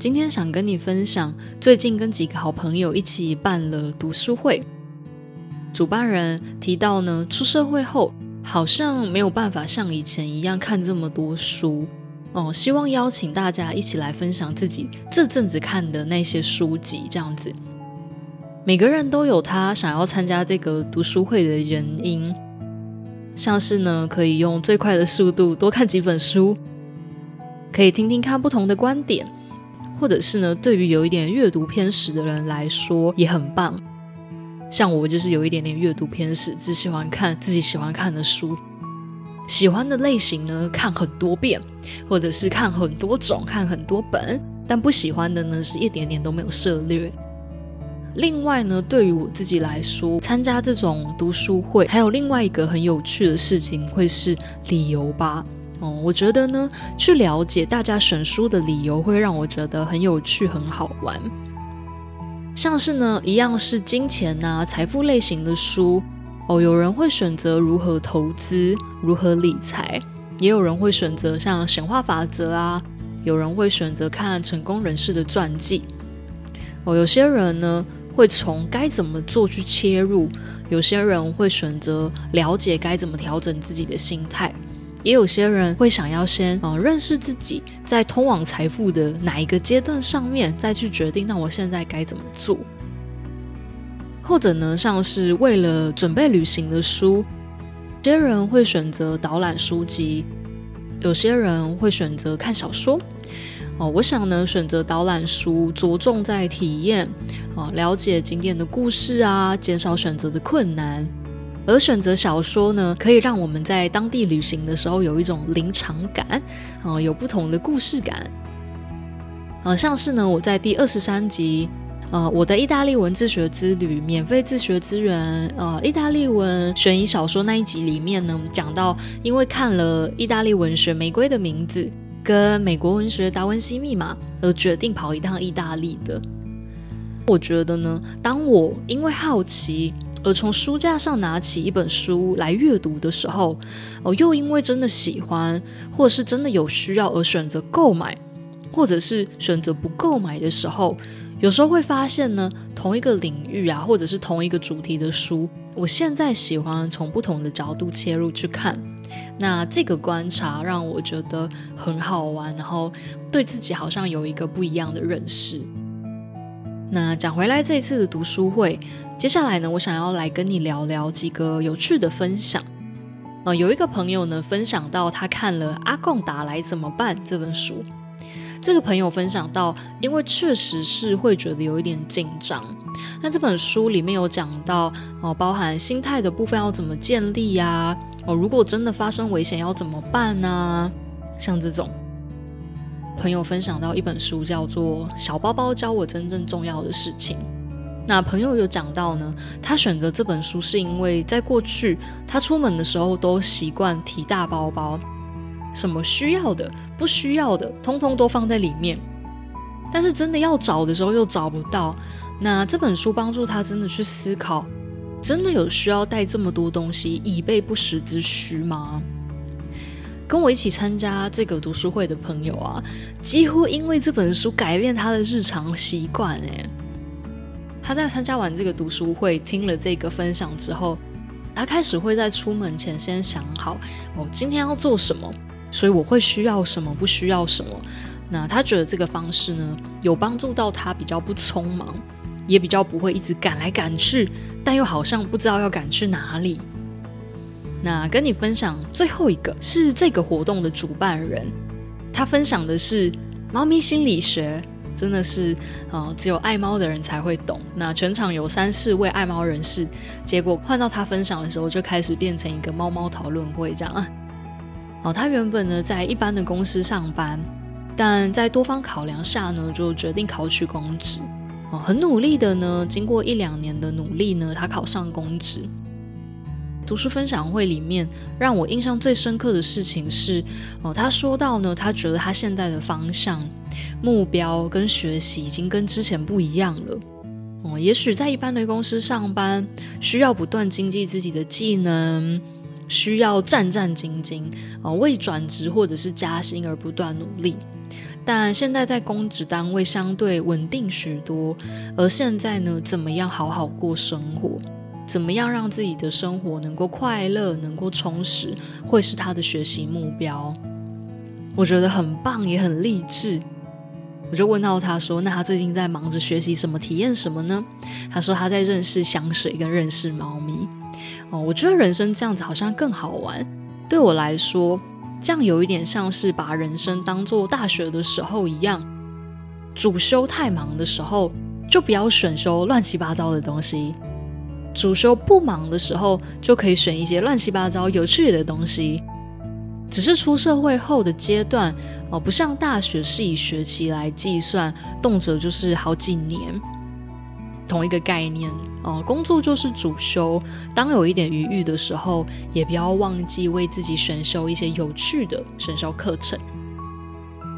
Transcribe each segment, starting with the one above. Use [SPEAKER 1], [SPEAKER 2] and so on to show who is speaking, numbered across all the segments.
[SPEAKER 1] 今天想跟你分享，最近跟幾個好朋友一起辦了讀書會。主辦人提到呢，出社會後好像沒有辦法像以前一樣看這麼多書哦，嗯。希望邀請大家一起來分享自己這陣子看的那些書籍，這樣子。每個人都有他想要參加這個讀書會的原因，像是呢，可以用最快的速度多看幾本書，可以聽聽看不同的觀點。或者是呢，對於有一點閱讀偏食的人來說也很棒。像我就是有一點點閱讀偏食，只喜歡看自己喜歡看的書，喜歡的類型呢看很多遍，或者是看很多種、看很多本，但不喜歡的呢是一點點都沒有涉獵。另外呢，對於我自己來說，參加這種讀書會，還有另外一個很有趣的事情，會是理由吧。嗯，我覺得呢，去了解大家選書的理由，會讓我覺得很有趣、很好玩。像是呢，一樣是金錢啊、財富類型的書哦，有人會選擇如何投資、如何理財，也有人會選擇像顯化法則啊，有人會選擇看成功人士的傳記。哦，有些人呢會從該怎麼做去切入，有些人會選擇了解該怎麼調整自己的心態。也有些人會想要先啊、哦、認識自己，在通往財富的哪一個階段上面，再去決定，那我現在該怎麼做。或者呢，像是為了準備旅行的書，有些人會選擇導覽書籍，有些人會選擇看小說。哦，我想呢，選擇導覽書着重在體驗啊、哦，了解景點的故事啊，減少選擇的困難。而選擇小說呢，可以讓我們在當地旅行的時候有一種臨場感，哦、呃，有不同的故事感。呃，像是呢，我在第二十三集，呃，我的意大利文自學之旅，免費自學資源，呃，意大利文懸疑小說那一集裡面呢，講到因為看了意大利文學《玫瑰的名字》跟美國文學《達文西密碼》，而決定跑一趟意大利的。我覺得呢，當我因為好奇。而從書架上拿起一本書來閱讀的時候，哦、呃，又因為真的喜歡，或者是真的有需要而選擇購買，或者是選擇不購買的時候，有時候會發現呢，同一個領域啊，或者是同一個主題的書，我現在喜歡從不同的角度切入去看。那這個觀察讓我覺得很好玩，然後對自己好像有一個不一樣的認識。那講回來這一次的讀書會，接下來呢，我想要來跟你聊聊幾個有趣的分享。呃、有一個朋友呢分享到，他看了《阿共打來怎麼辦》這本書。這個朋友分享到，因為確實是會覺得有一點緊張。那這本書裡面有講到，哦、呃，包含心態的部分要怎麼建立啊？哦、呃，如果真的發生危險要怎麼辦呢、啊？像這種。朋友分享到一本書，叫做《小包包教我真正重要的事情》。那朋友有講到呢，他選擇這本書是因為在過去他出門的時候都習慣提大包包，什麼需要的、不需要的，通通都放在裡面。但是真的要找的時候又找不到。那這本書幫助他真的去思考，真的有需要帶這麼多東西以備不時之需嗎？跟我一起參加這個讀書會的朋友啊，幾乎因為這本書改變他的日常習慣。誒，他在參加完這個讀書會，聽了這個分享之後，他開始會在出門前先想好，哦，今天要做什麼，所以我會需要什麼，不需要什麼。那他覺得這個方式呢，有幫助到他，比較不匆忙，也比較不會一直趕來趕去，但又好像不知道要趕去哪裡。那跟你分享最後一個，是這個活動的主辦人，他分享的是貓咪心理學，真的是啊、哦，只有愛貓的人才會懂。那全場有三四位愛貓人士，結果換到他分享的時候，就開始變成一個貓貓討論會這樣啊。哦，他原本呢，在一般的公司上班，但在多方考量下呢，就決定考取公職。哦，很努力的呢，經過一兩年的努力呢，他考上公職。讀書分享會裡面讓我印象最深刻的事情是，哦、呃，他說到呢，他覺得他現在的方向、目標跟學習已經跟之前不一樣了。哦、呃，也許在一般的公司上班，需要不斷精進自己的技能，需要戰戰兢兢，哦、呃，為轉職或者是加薪而不斷努力。但現在在公職單位相對穩定許多，而現在呢，怎麼樣好好過生活？怎麼樣讓自己的生活能夠快樂、能夠充實，會是他的學習目標。我覺得很棒，也很勵志。我就問到他說：“那他最近在忙着學習什麼、體驗什麼呢？”他說：“他在認識香水，跟認識貓咪。”哦，我覺得人生這樣子好像更好玩。對我來說，這樣有一點像是把人生當做大學的時候一樣，主修太忙的時候，就不要選修亂七八糟的東西。主修不忙的時候，就可以選一些亂七八糟、有趣的東西。只是出社會後的階段，哦、呃，不像大學是以學期來計算，動輒就是好幾年，同一個概念，哦、呃。工作就是主修，當有一點餘裕的時候，也不要忘記為自己選修一些有趣的選修課程。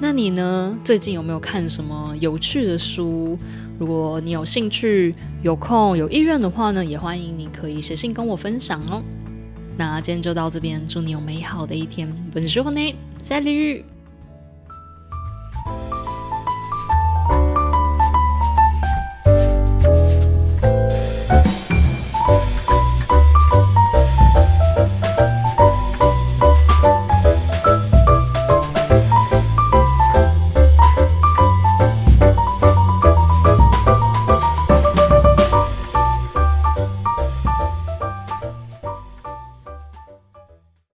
[SPEAKER 1] 那你呢？最近有沒有看什麼有趣的書？如果你有興趣、有空、有意願的話呢，也歡迎你可以寫信跟我分享哦。那今天就到這邊，祝你有美好的一天。Bonne journée, salut。